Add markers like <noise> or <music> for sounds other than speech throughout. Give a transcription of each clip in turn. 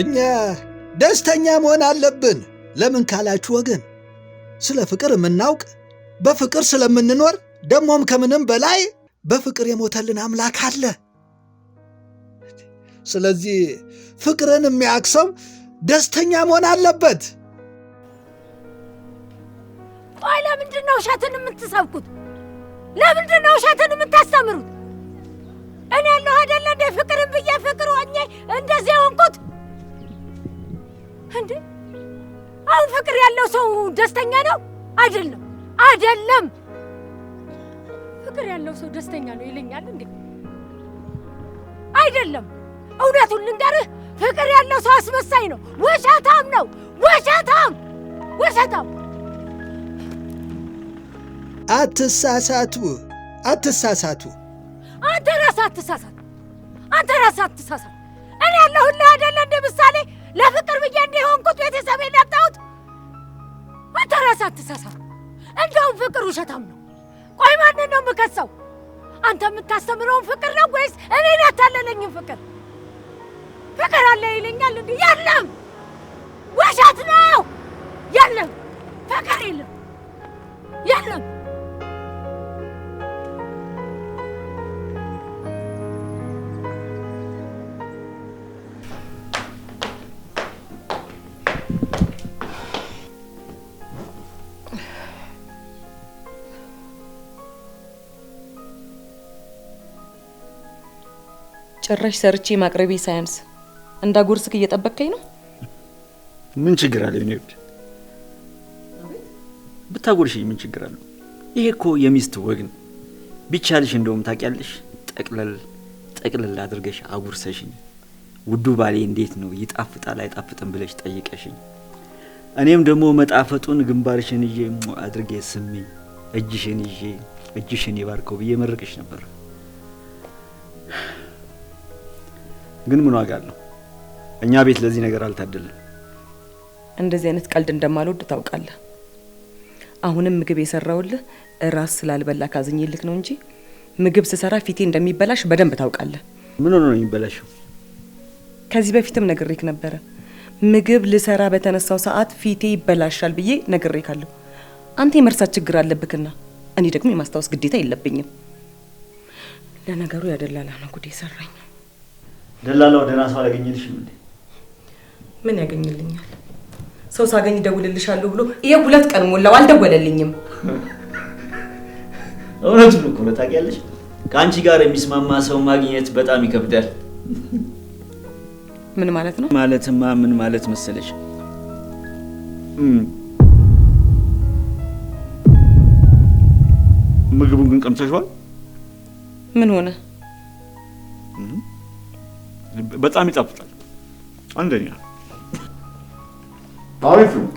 እኛ ደስተኛ መሆን አለብን። ለምን ካላችሁ ወገን ስለ ፍቅር የምናውቅ በፍቅር ስለምንኖር ደግሞም ከምንም በላይ በፍቅር የሞተልን አምላክ አለ። ስለዚህ ፍቅርን የሚያውቅ ሰው ደስተኛ መሆን አለበት። ቆይ ለምንድን ነው ውሸትን የምትሰብኩት? ለምንድን ነው ውሸትን የምታስተምሩት? እኔ ያለሁ አይደለ እንደ ፍቅርን ብዬ ፍቅር ሆኜ እንደዚህ የሆንኩት እንዴ አሁን ፍቅር ያለው ሰው ደስተኛ ነው አይደለም? አይደለም። ፍቅር ያለው ሰው ደስተኛ ነው ይለኛል እንዴ? አይደለም። እውነቱን ልንገርህ፣ ፍቅር ያለው ሰው አስመሳይ ነው፣ ውሸታም ነው። ውሸታም ውሸታም። አትሳሳቱ፣ አትሳሳቱ። አንተ ራስህ አትሳሳት፣ አንተ ራስህ አትሳሳት። እኔ ያለሁልህ አይደለ እንደ ምሳሌ ለፍቅር ብዬ እንዲሆንኩት ቤተሰቤን ያጣሁት አንተ ራስህ አትሳሳብ። እንደውም ፍቅር ውሸታም ነው። ቆይ ማንን ነው የምከሰው? አንተ የምታስተምረውን ፍቅር ነው ወይስ እኔን ያታለለኝን ፍቅር? ፍቅር አለ ይለኛል እንዴ? የለም፣ ውሸት ነው። የለም፣ ፍቅር የለም፣ የለም። ጭራሽ ሰርቼ ማቅረቤ ሳያንስ እንዳጎርስክ እየጠበቅከኝ ነው። ምን ችግር አለ? ኔ ብታጎርሽኝ ምን ችግር አለ? ይሄ እኮ የሚስት ወግ ነው። ቢቻልሽ እንደውም ታውቂያለሽ፣ ጠቅለል ጠቅለል አድርገሽ አጉርሰሽኝ ውዱ ባሌ እንዴት ነው ይጣፍጣል አይጣፍጥም ብለሽ ጠይቀሽኝ፣ እኔም ደግሞ መጣፈጡን ግንባርሽን ይዤ አድርጌ ስሜ እጅሽን ይዤ እጅሽን ይባርከው ብዬ መርቅሽ ነበር። ግን ምን ዋጋ አለው? እኛ ቤት ለዚህ ነገር አልታደልም። እንደዚህ አይነት ቀልድ እንደማልወድ ታውቃለህ። አሁንም ምግብ የሰራውልህ እራስ ስላልበላ ካዝኝልክ ነው እንጂ ምግብ ስሰራ ፊቴ እንደሚበላሽ በደንብ ታውቃለህ። ምን ሆኖ ነው የሚበላሽው? ከዚህ በፊትም ነግሬክ ነበረ። ምግብ ልሰራ በተነሳው ሰዓት ፊቴ ይበላሻል ብዬ ነግሬካለሁ። አንተ የመርሳት ችግር አለብክና እኔ ደግሞ የማስታወስ ግዴታ የለብኝም። ለነገሩ ያደላላ ነው ጉዴ ሰራኝ። ደላላ ወደ ራሱ አላገኘልሽም እንዴ? ምን ያገኝልኛል? ሰው ሳገኝ ደውልልሻለሁ ብሎ ይሄ ሁለት ቀን ሞላው፣ አልደወለልኝም። <laughs> እውነቱን እኮ ነው። ታውቂያለሽ፣ ከአንቺ ጋር የሚስማማ ሰው ማግኘት በጣም ይከብዳል። ምን ማለት ነው? ማለትማ ምን ማለት መሰለሽ ምግቡን ግን ቀምሰሽዋል? ምን ሆነ? በጣም ይጣፍጣል። አንደኛ አሪፍ ነው።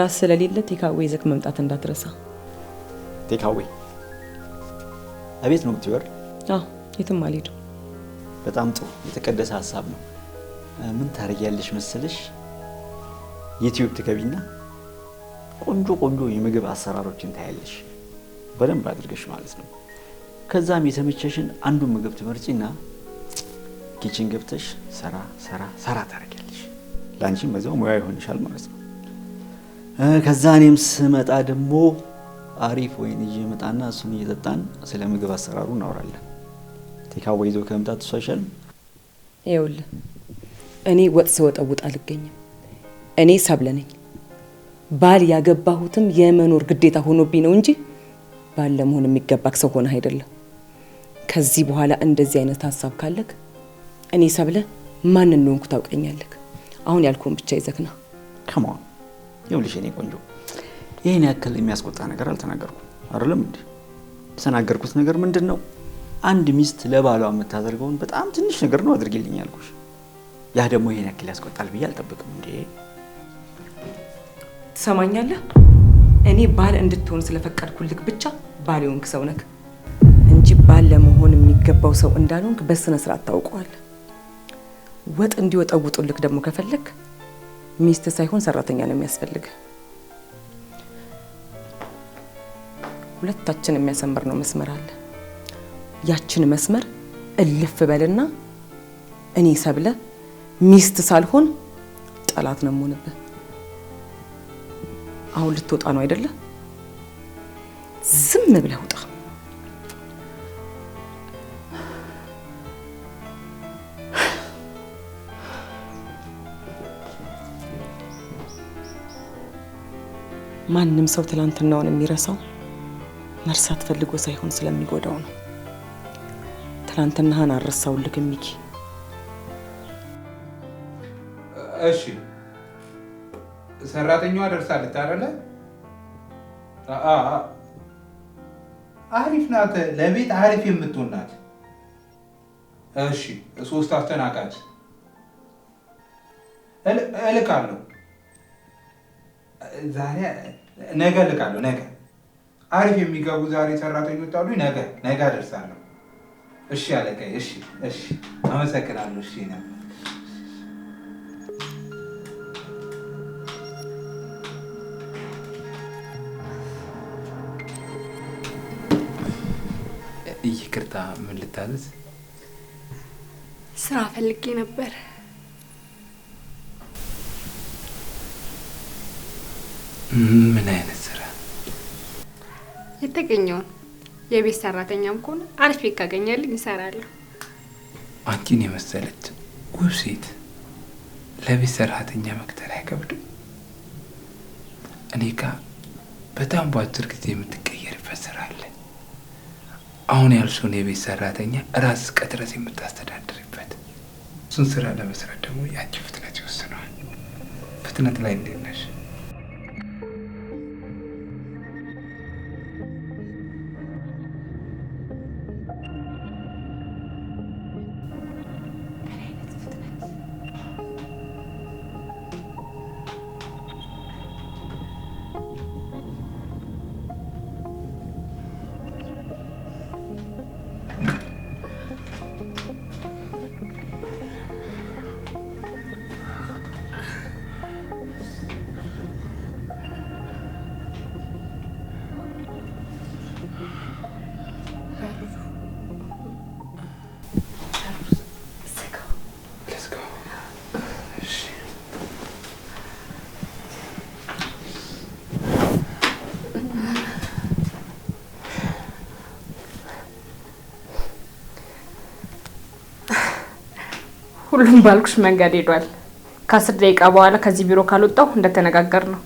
ራስ ስለሌለ ቴካዌ ይዘህ መምጣት እንዳትረሳ። ቴካዌ አቤት ነው የምትይወር? አዎ የትም አልሄድም። በጣም ጥሩ የተቀደሰ ሀሳብ ነው። ምን ታደርጊያለሽ መሰለሽ? ዩቲዩብ ትገቢና ቆንጆ ቆንጆ የምግብ አሰራሮችን ታያለሽ፣ በደንብ አድርገሽ ማለት ነው። ከዛም የተመቸሽን አንዱ ምግብ ትመርጪና ኪችን ገብተሽ ሰራ ሰራ ሰራ ታደርጊያለሽ። ለአንቺም በዚያው ሙያ ይሆንሻል ማለት ነው። ከዛ እኔም ስመጣ ደግሞ አሪፍ ወይን ይዤ እመጣና እሱን እየጠጣን ስለ ምግብ አሰራሩ እናወራለን። ቴካ ወይዞ ከመምጣት እሱ አይሻልም? እኔ ወጥ ስወጠውጥ አልገኝም። እኔ ሰብለ ነኝ። ባል ያገባሁትም የመኖር ግዴታ ሆኖብኝ ነው እንጂ ባል ለመሆን የሚገባክ ሰው ሆነ አይደለም። ከዚህ በኋላ እንደዚህ አይነት ሀሳብ ካለክ እኔ ሰብለ ማን እንደሆንኩ ታውቀኛለክ። አሁን ያልኩን ብቻ ይዘክና ከማን ይኸውልሽ የእኔ ቆንጆ ይህን ያክል የሚያስቆጣ ነገር አልተናገርኩም አይደለም እንዴ? የተናገርኩት ነገር ምንድን ነው? አንድ ሚስት ለባሏ የምታደርገውን በጣም ትንሽ ነገር ነው አድርግልኝ ያልኩሽ። ያ ደግሞ ይሄን ያክል ያስቆጣል ብዬ አልጠብቅም። እንዴ ትሰማኛለህ? እኔ ባል እንድትሆን ስለፈቀድኩልክ ብቻ ባል የሆንክ ሰው ነክ እንጂ ባል ለመሆን የሚገባው ሰው እንዳልሆንክ በስነ ስርዓት ታውቀዋለህ። ወጥ እንዲወጠውጡልክ ደግሞ ከፈለክ ሚስት ሳይሆን ሰራተኛ ነው የሚያስፈልግ። ሁለታችን የሚያሰምር ነው መስመር አለ። ያችን መስመር እልፍ በልና እኔ ሰብለ ሚስት ሳልሆን ጠላት ነው የምሆንብህ። አሁን ልትወጣ ነው አይደለ? ዝም ብለህ ማንም ሰው ትላንትናውን የሚረሳው መርሳት ፈልጎ ሳይሆን ስለሚጎዳው ነው። ትላንትናህን አልረሳውልክም ሚኪ። እሺ ሰራተኛዋ ደርሳለች አይደለ? አሪፍ ናት፣ ለቤት አሪፍ የምትሆን ናት። እሺ ሶስት አስተናጋጅ እልካለሁ ዛሬ ነገ ልካለሁ። ነገ አሪፍ የሚገቡ ዛሬ ሰራተኞች አሉ። ነገ ነገ አደርሳለሁ። እሺ አለቀ። እሺ፣ እሺ፣ አመሰግናለሁ። እሺ ነው ይህ ይቅርታ፣ ምን ልታዘዝ? ስራ ፈልጌ ነበር። ምን አይነት ስራ? የተገኘውን የቤት ሰራተኛም ከሆነ አሪፍ ቤት ካገኘልኝ ይሰራለሁ። አንቺን የመሰለች ውብ ሴት ለቤት ሰራተኛ መቅጠር አይከብድም። እኔ ጋ በጣም በአጭር ጊዜ የምትቀየርበት ስራ አለ። አሁን ያልሽውን የቤት ሰራተኛ ራስ ቀጥረስ የምታስተዳድርበት እሱን ስራ ለመስራት ደግሞ ያቺ ፍጥነት ይወስነዋል። ፍጥነት ላይ እንዴት ሁሉም ባልኩሽ መንገድ ሄዷል። ከአስር ደቂቃ በኋላ ከዚህ ቢሮ ካልወጣው እንደተነጋገር ነው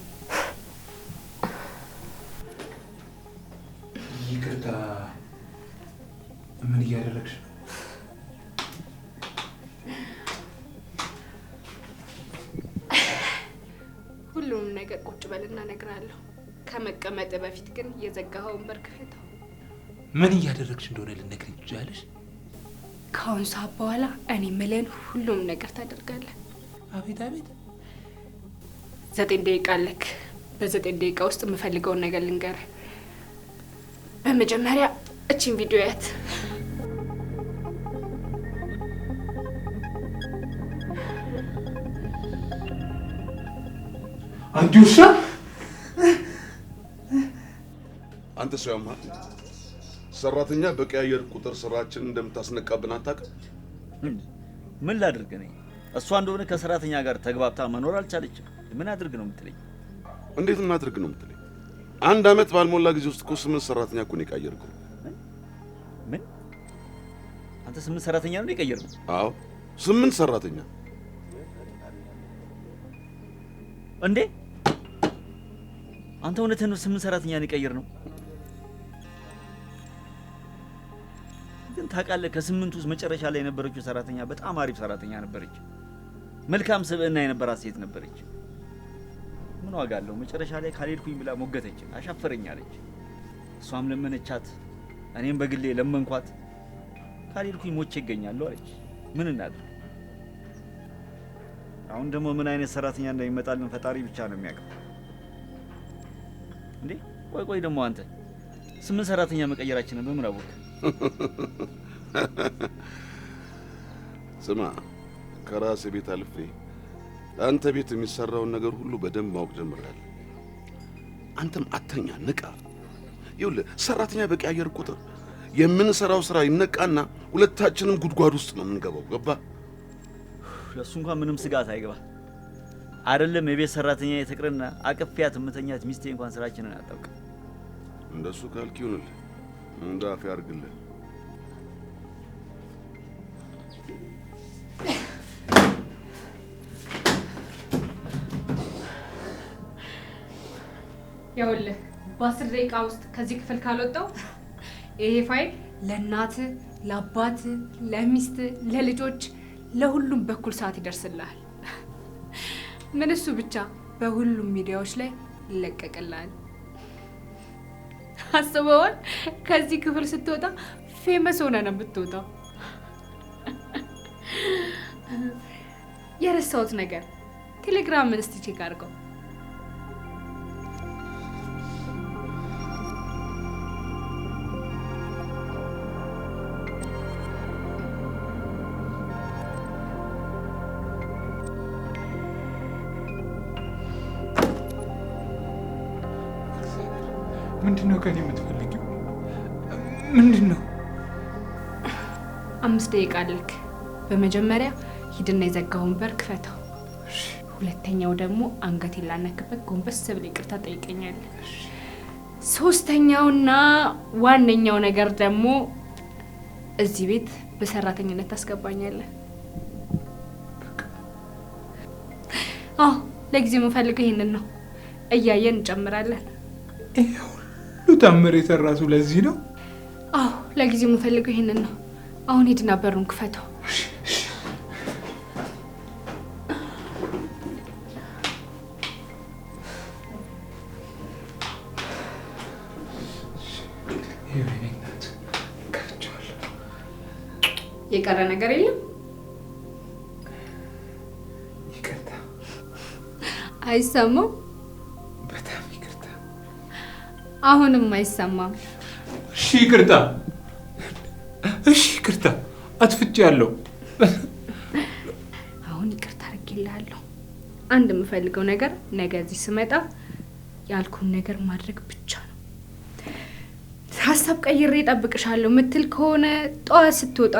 እናደርጋለን። አቤት አቤት። ዘጠኝ ደቂቃ አለክ። በዘጠኝ ደቂቃ ውስጥ የምፈልገውን ነገር ልንገር። በመጀመሪያ እችን ቪዲዮ ያት። አንድ ውሻ አንተ ሰው ሰራተኛ በቀያየር ቁጥር ስራችን እንደምታስነቃብን አታውቅም። ምን ላድርግ ነኝ እሷ እንደሆነ ከሰራተኛ ጋር ተግባብታ መኖር አልቻለችም። ምን አድርግ ነው የምትለኝ? እንዴት እናድርግ ነው የምትለኝ? አንድ አመት ባልሞላ ጊዜ ውስጥ እኮ ስምንት ሰራተኛ እኮ ነው ምን? አንተ ስምንት ሰራተኛ ነው የቀየርከው? አዎ ስምንት ሰራተኛ። እንዴ አንተ እውነትህን ነው? ስምንት ሰራተኛ ነው የቀየርነው። ግን ታውቃለህ፣ ከስምንት ውስጥ መጨረሻ ላይ የነበረችው ሰራተኛ በጣም አሪፍ ሰራተኛ ነበረች። መልካም ስብዕና የነበራት ሴት ነበረች። ምን ዋጋ አለው? መጨረሻ ላይ ካልሄድኩኝ ብላ ሞገተች፣ አሻፈረኝ አለች። እሷም ለመነቻት፣ እኔም በግሌ ለመንኳት። ካልሄድኩኝ ሞቼ ይገኛሉ አለች። ምን እናድርግ? አሁን ደግሞ ምን አይነት ሰራተኛ እንደሚመጣልን ፈጣሪ ብቻ ነው የሚያውቀው። እንዴ ቆይ ቆይ፣ ደግሞ አንተ ስምንት ሰራተኛ መቀየራችንን በምን አወቅ? ስማ ከራሴ ቤት አልፌ አንተ ቤት የሚሰራውን ነገር ሁሉ በደንብ ማወቅ ጀምሬያለሁ። አንተም አተኛ ንቃ። ይኸውልህ ሰራተኛ በቂ አየር ቁጥር የምንሰራው ስራ ይነቃና ሁለታችንም ጉድጓድ ውስጥ ነው የምንገባው። ገባ? ለእሱ እንኳን ምንም ስጋት አይገባ። አይደለም የቤት ሰራተኛ የተቅርና አቅፍያት እምተኛት ሚስቴ እንኳን ስራችንን አታውቅም። እንደሱ ካልክ ይሁንልህ፣ እንደ አፌ ይኸውልህ በአስር ደቂቃ ውስጥ ከዚህ ክፍል ካልወጣው ይሄ ፋይል ለእናት፣ ለአባት፣ ለሚስት፣ ለልጆች ለሁሉም በኩል ሰዓት ይደርስልሃል። ምን እሱ ብቻ በሁሉም ሚዲያዎች ላይ ይለቀቅልሃል። አስበዋል። ከዚህ ክፍል ስትወጣ ፌመስ ሆነ ነው የምትወጣው። የረሳሁት ነገር ቴሌግራም ምንስት ቼክ አድርገው። ከኔ የምትፈልጊው ምንድን ነው? አምስት ደቂቃ አለክ። በመጀመሪያ ሂድና የዘጋውን በር ክፈተው። ሁለተኛው ደግሞ አንገት ላነክበት ጎንበስ ብለህ ይቅርታ ጠይቀኛል። ሶስተኛውና ዋነኛው ነገር ደግሞ እዚህ ቤት በሰራተኝነት ታስገባኛለህ። አዎ ለጊዜው የምፈልገው ይህንን ነው። እያየን እንጨምራለን። ሁሉ ታምር ለዚህ ነው። አዎ ለጊዜው የምፈልገው ይሄንን ነው። አሁን ሂድና በሩን ክፈተው። የቀረ ነገር የለም። አይሰማም አሁንም አይሰማም። እሺ ይቅርታ፣ እሺ ይቅርታ፣ አሁን ይቅርታ አድርጌልሃለሁ። አንድ የምፈልገው ነገር ነገ እዚህ ስመጣ ያልኩን ነገር ማድረግ ብቻ ነው። ሀሳብ ቀይሬ እጠብቅሻለሁ ምትል ከሆነ ጠዋት ስትወጣ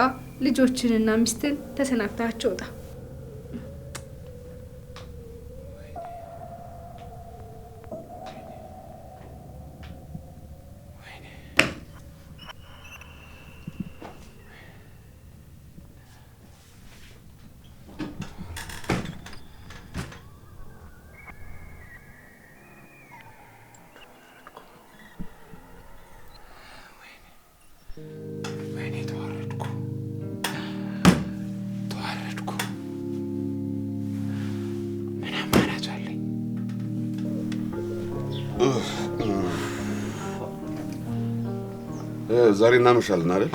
ልጆችንና ሚስትን ተሰናብታቸው ወጣ። ዛሬ እናመሻለን አይደል?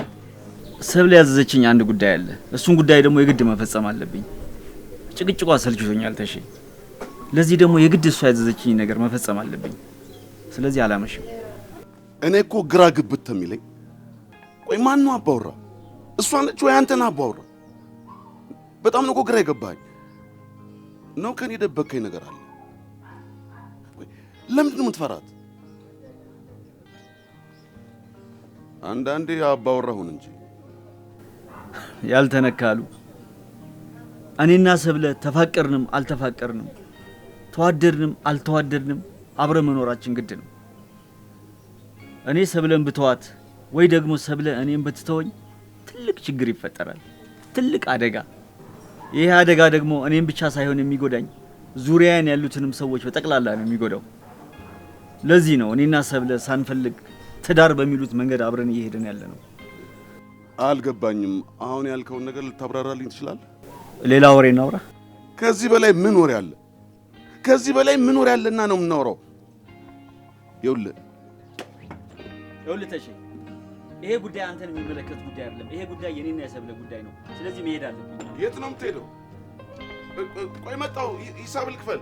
ሰብለ ያዘዘችኝ አንድ ጉዳይ አለ። እሱን ጉዳይ ደግሞ የግድ መፈጸም አለብኝ። ጭቅጭቋ ሰልችቶኛል ተሺ። ለዚህ ደግሞ የግድ እሷ ያዘዘችኝ ነገር መፈጸም አለብኝ። ስለዚህ አላመሽም። እኔ እኮ ግራ ግብት ተሚለኝ። ቆይ፣ ማን ነው አባውራ? እሷ ነች ወይ አንተ አባውራ? በጣም ነው እኮ ግራ የገባኝ። ነው ከኔ የደበከኝ ነገር አለ? ለምንድን ነው የምትፈራት? አንዳንዴ አባወራሁን እንጂ ያልተነካሉ። እኔና ሰብለ ተፋቀርንም አልተፋቀርንም ተዋደድንም አልተዋደድንም አብረ መኖራችን ግድ ነው። እኔ ሰብለን ብተዋት ወይ ደግሞ ሰብለ እኔም ብትተወኝ ትልቅ ችግር ይፈጠራል፣ ትልቅ አደጋ። ይህ አደጋ ደግሞ እኔም ብቻ ሳይሆን የሚጎዳኝ ዙሪያን ያሉትንም ሰዎች በጠቅላላ ነው የሚጎዳው። ለዚህ ነው እኔና ሰብለ ሳንፈልግ ትዳር በሚሉት መንገድ አብረን እየሄድን ያለ ነው። አልገባኝም። አሁን ያልከውን ነገር ልታብራራልኝ ትችላል? ሌላ ወሬ እናውራ። ከዚህ በላይ ምን ወሬ አለ? ከዚህ በላይ ምን ወሬ አለና ነው የምናወራው? ይኸውልህ ይኸውልህ ተሼ፣ ይሄ ጉዳይ አንተን የሚመለከት ጉዳይ አይደለም። ይሄ ጉዳይ የኔና የሰብለ ጉዳይ ነው። ስለዚህ መሄድ አለብኝ። የት ነው የምትሄደው? ቆይ መጣሁ። ሂሳብ ልክፈል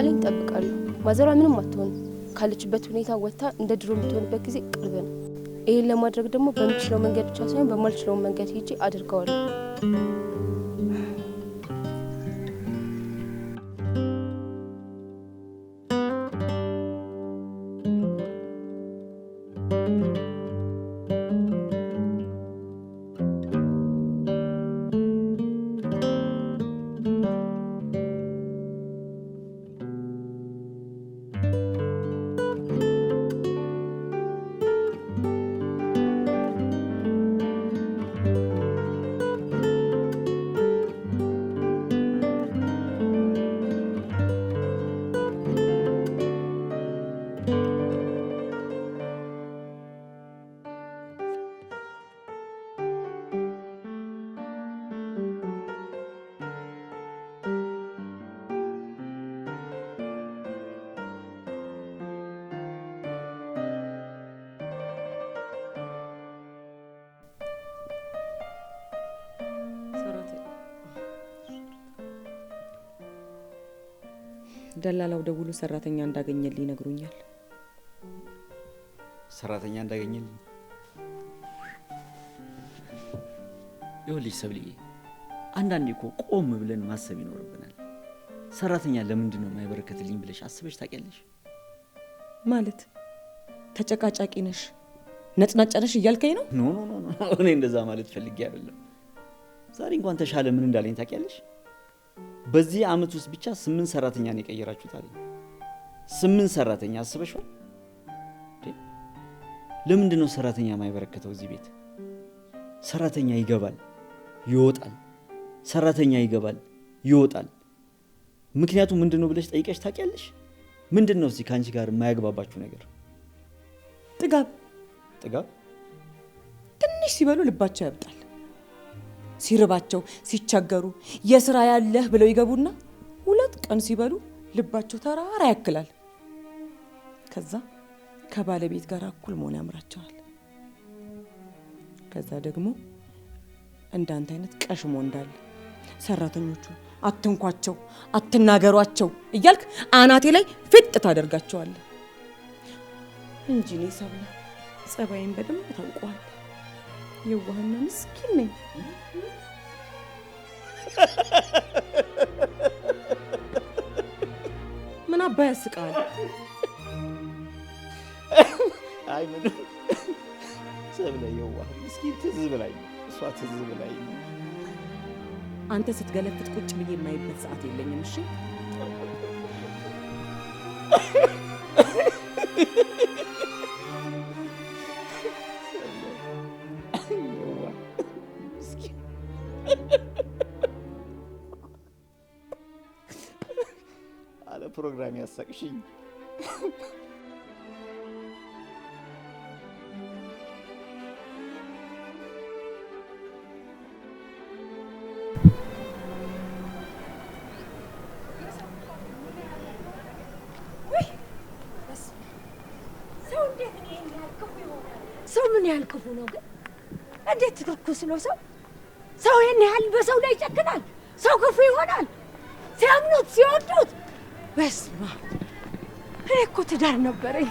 ቃሌን እጠብቃለሁ። ማዘሯ ምንም አትሆን ካለችበት ሁኔታ ወጥታ እንደ ድሮ የምትሆንበት ጊዜ ቅርብ ነው። ይህን ለማድረግ ደግሞ በምችለው መንገድ ብቻ ሳይሆን በማልችለው መንገድ ሄጄ አድርገዋለሁ። ደላላው ደውሎ ሰራተኛ እንዳገኘልኝ ይነግሩኛል። ሰራተኛ እንዳገኘልኝ ይኸውልሽ ሰብልዬ፣ አንዳንዴ እኮ ቆም ብለን ማሰብ ይኖርብናል። ሰራተኛ ለምንድን ነው የማይበረከትልኝ ብለሽ አስበሽ ታውቂያለሽ? ማለት ተጨቃጫቂ ነሽ፣ ነጭናጫ እያልከኝ ነው? ኖ ኖ ኖ፣ እኔ እንደዛ ማለት ፈልጌ አይደለም። ዛሬ እንኳን ተሻለ ምን እንዳለኝ ታውቂያለሽ? በዚህ አመት ውስጥ ብቻ ስምንት ሰራተኛ ነው የቀየራችሁት አለኝ። ስምንት ሰራተኛ አስበሽዋል? ለምንድን ነው ሰራተኛ የማይበረከተው? እዚህ ቤት ሰራተኛ ይገባል ይወጣል፣ ሰራተኛ ይገባል ይወጣል። ምክንያቱም ምንድን ነው ብለሽ ጠይቀሽ ታውቂያለሽ? ምንድን ነው እዚህ ከአንቺ ጋር የማያግባባችሁ ነገር? ጥጋብ ጥጋብ። ትንሽ ሲበሉ ልባቸው ያብጣል። ሲርባቸው ሲቸገሩ የስራ ያለህ ብለው ይገቡና ሁለት ቀን ሲበሉ ልባቸው ተራራ ያክላል። ከዛ ከባለቤት ጋር እኩል መሆን ያምራቸዋል። ከዛ ደግሞ እንዳንተ አይነት ቀሽሞ እንዳለ ሰራተኞቹ አትንኳቸው፣ አትናገሯቸው እያልክ አናቴ ላይ ፍጥ ታደርጋቸዋለህ እንጂ እኔ ሰብለ ጸባይን በደንብ ታውቀዋል። የዋህና ምስኪን ነኝ። ምን አባ ያስቃል? አይ ምን ሰብለ የዋህ ምስኪን ትዝ ብላኝ፣ እሷ ትዝ ብላኝ። አንተ ስትገለፍት ቁጭ ብዬ የማይበት ሰዓት የለኝም። እሺ አለ ፕሮግራም ያሳቅሽኝ። ሰው ምን ያህል ክፉ ነው ግን! እንዴት ትርኩስ ነው ሰው ሰው ክፉ ይሆናል ሲያምኑት ሲወዱት። በስመ አብ እኔ እኮ ትዳር ነበረኝ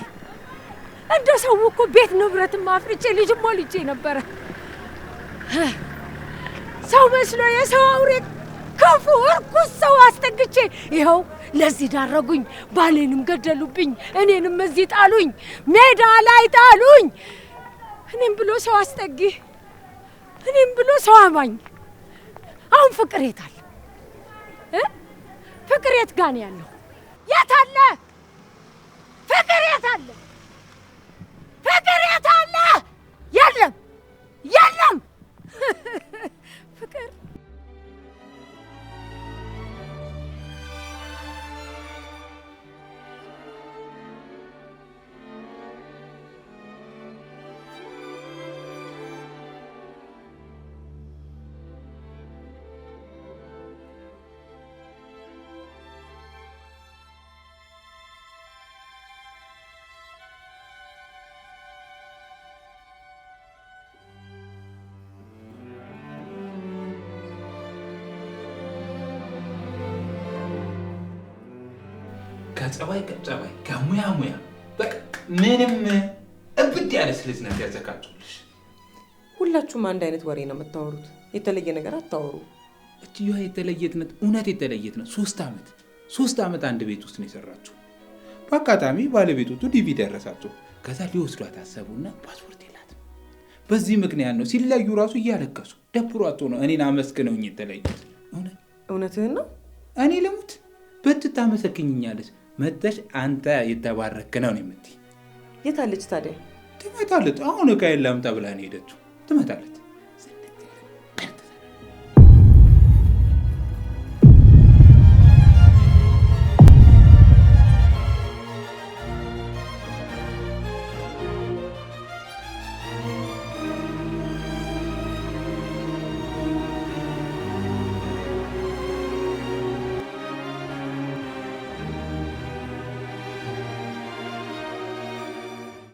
እንደ ሰው እኮ ቤት ንብረትም አፍርቼ ልጅም ወልጄ ነበረ። ሰው መስሎ የሰው አውሬ ክፉ እርኩስ ሰው አስጠግቼ ይኸው ለዚህ ዳረጉኝ። ባሌንም ገደሉብኝ፣ እኔንም እዚህ ጣሉኝ፣ ሜዳ ላይ ጣሉኝ። እኔም ብሎ ሰው አስጠጊ፣ እኔም ብሎ ሰው አማኝ። አሁን ፍቅር የታል? ፍቅር የት ጋር ነው ያለው? የት አለ ፍቅር? የት አለ ፍቅር? የት አለ? የለም የለም። <laughs> ከጸባይ ከጸባይ ከሙያ ሙያ በቃ ምንም እብድ ያለ ስለዚህ ነገር ያዘጋጁልሽ። ሁላችሁም አንድ አይነት ወሬ ነው የምታወሩት፣ የተለየ ነገር አታወሩ። እትዬዋ የተለየትነት እውነት የተለየትነት ሶስት ዓመት ሶስት ዓመት አንድ ቤት ውስጥ ነው የሰራችው። በአጋጣሚ ባለቤቶቹ ዲቪ ደረሳቸው። ከዛ ሊወስዷት አሰቡና ፓስፖርት የላትም። በዚህ ምክንያት ነው ሲለዩ ራሱ እያለቀሱ ደብሯቸው ነው እኔን አመስግነውኝ የተለዩት። እውነትህን ነው። እኔ ልሙት በትታ መጥተሽ አንተ የተባረክ ነው የምትይ። የታለች ታዲያ? ትመጣለች። አሁን እቃ የላምጣ ብላ ነው የሄደችው። ትመጣለች